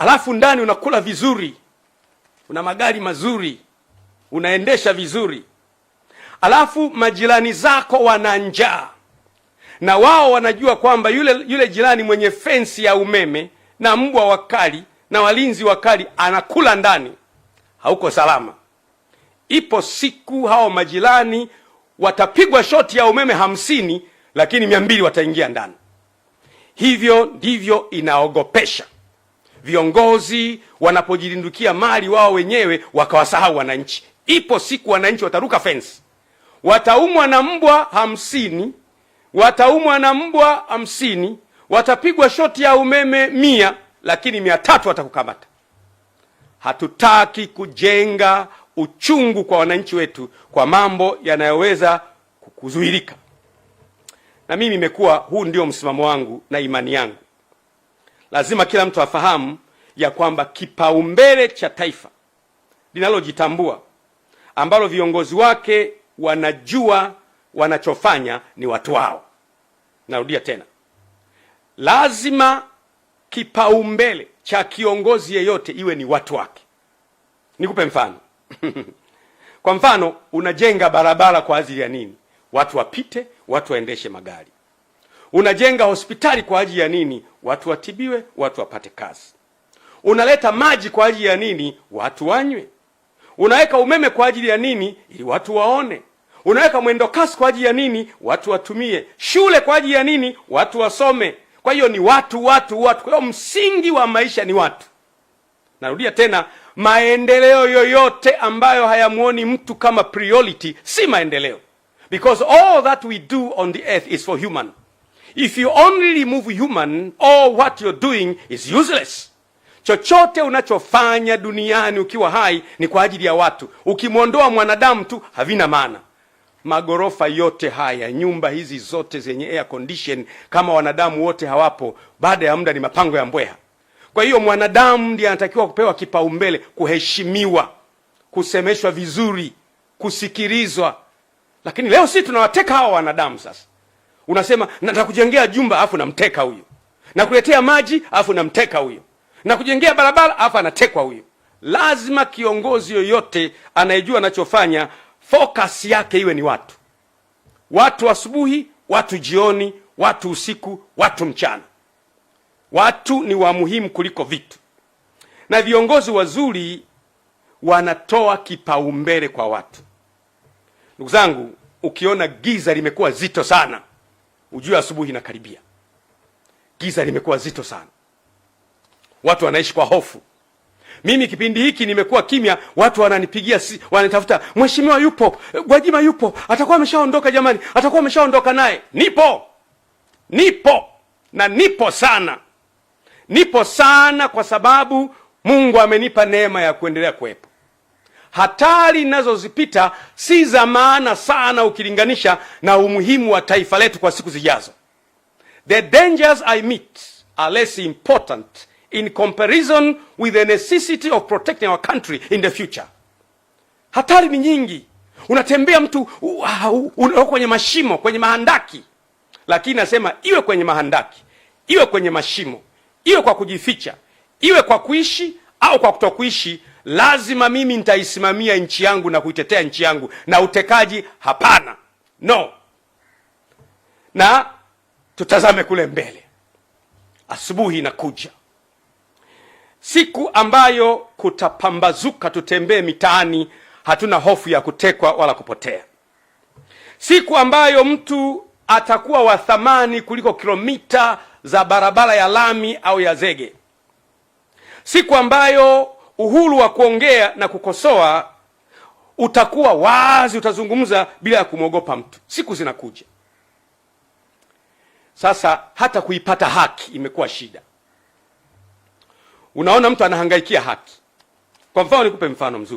alafu ndani unakula vizuri, una magari mazuri, unaendesha vizuri, alafu majirani zako wana njaa, na wao wanajua kwamba yule yule jirani mwenye fensi ya umeme na mbwa wakali na walinzi wakali anakula ndani, hauko salama. Ipo siku hao majirani watapigwa shoti ya umeme hamsini, lakini mia mbili wataingia ndani. Hivyo ndivyo inaogopesha viongozi wanapojilindukia mali wao wenyewe wakawasahau wananchi. Ipo siku wananchi wataruka fensi, wataumwa na mbwa hamsini, wataumwa na mbwa hamsini, watapigwa shoti ya umeme mia, lakini mia tatu watakukamata. Hatutaki kujenga uchungu kwa wananchi wetu kwa mambo yanayoweza kuzuilika, na mimi imekuwa huu ndio msimamo wangu na imani yangu lazima kila mtu afahamu ya kwamba kipaumbele cha taifa linalojitambua ambalo viongozi wake wanajua wanachofanya ni watu wao. Narudia tena, lazima kipaumbele cha kiongozi yeyote iwe ni watu wake. Nikupe mfano kwa mfano, unajenga barabara kwa ajili ya nini? Watu wapite, watu waendeshe magari. Unajenga hospitali kwa ajili ya nini? Watu watibiwe, watu wapate kazi. Unaleta maji kwa ajili ya nini? Watu wanywe. Unaweka umeme kwa ajili ya nini? Ili watu waone. Unaweka mwendo kasi kwa ajili ya nini? Watu watumie. Shule kwa ajili ya nini? Watu wasome. Kwa hiyo ni watu, watu, watu. Kwa hiyo msingi wa maisha ni watu. Narudia tena, maendeleo yoyote ambayo hayamwoni mtu kama priority si maendeleo, because all that we do on the earth is for human If you only remove human, all what you're doing is useless. Chochote unachofanya duniani ukiwa hai ni kwa ajili ya watu. Ukimwondoa mwanadamu tu havina maana. Magorofa yote haya, nyumba hizi zote zenye air condition, kama wanadamu wote hawapo, baada ya muda ni mapango ya mbweha. Kwa hiyo mwanadamu ndiye anatakiwa kupewa kipaumbele, kuheshimiwa, kusemeshwa vizuri, kusikilizwa. Lakini leo sisi tunawateka hawa wanadamu sasa Unasema nitakujengea jumba afu namteka huyo, nakuletea maji afu namteka huyo, nakujengea barabara afu anatekwa huyo. Lazima kiongozi yoyote anayejua anachofanya focus yake iwe ni watu, watu asubuhi, watu jioni, watu usiku, watu mchana. Watu ni wa muhimu kuliko vitu, na viongozi wazuri wanatoa kipaumbele kwa watu. Ndugu zangu, ukiona giza limekuwa zito sana Ujue asubuhi inakaribia, giza limekuwa zito sana, watu wanaishi kwa hofu. Mimi kipindi hiki nimekuwa kimya, watu wananipigia si, wananitafuta, mheshimiwa yupo, Gwajima yupo, atakuwa ameshaondoka jamani, atakuwa ameshaondoka naye. Nipo, nipo na nipo sana, nipo sana, kwa sababu Mungu amenipa neema ya kuendelea kuwepo hatari inazozipita si za maana sana ukilinganisha na umuhimu wa taifa letu kwa siku zijazo. The dangers I meet are less important in comparison with the necessity of protecting our country in the future. Hatari ni nyingi, unatembea mtu ah, unao kwenye mashimo, kwenye mahandaki, lakini nasema iwe kwenye mahandaki, iwe kwenye mashimo, iwe kwa kujificha, iwe kwa kuishi au kwa kutokuishi lazima mimi nitaisimamia nchi yangu na kuitetea nchi yangu, na utekaji hapana, no. Na tutazame kule mbele, asubuhi inakuja siku ambayo kutapambazuka, tutembee mitaani, hatuna hofu ya kutekwa wala kupotea, siku ambayo mtu atakuwa wa thamani kuliko kilomita za barabara ya lami au ya zege, siku ambayo uhuru wa kuongea na kukosoa utakuwa wazi, utazungumza bila ya kumwogopa mtu. Siku zinakuja sasa, hata kuipata haki imekuwa shida. Unaona mtu anahangaikia haki. Kwa mfano, nikupe mfano mzuri.